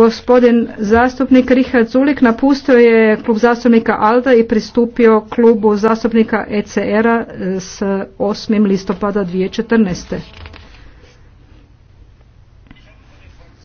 Gospodin zastupnik Richard Zulik napustio je klub zastupnika ALDA i pristupio klubu zastupnika ECR-a s 8. listopada 2014.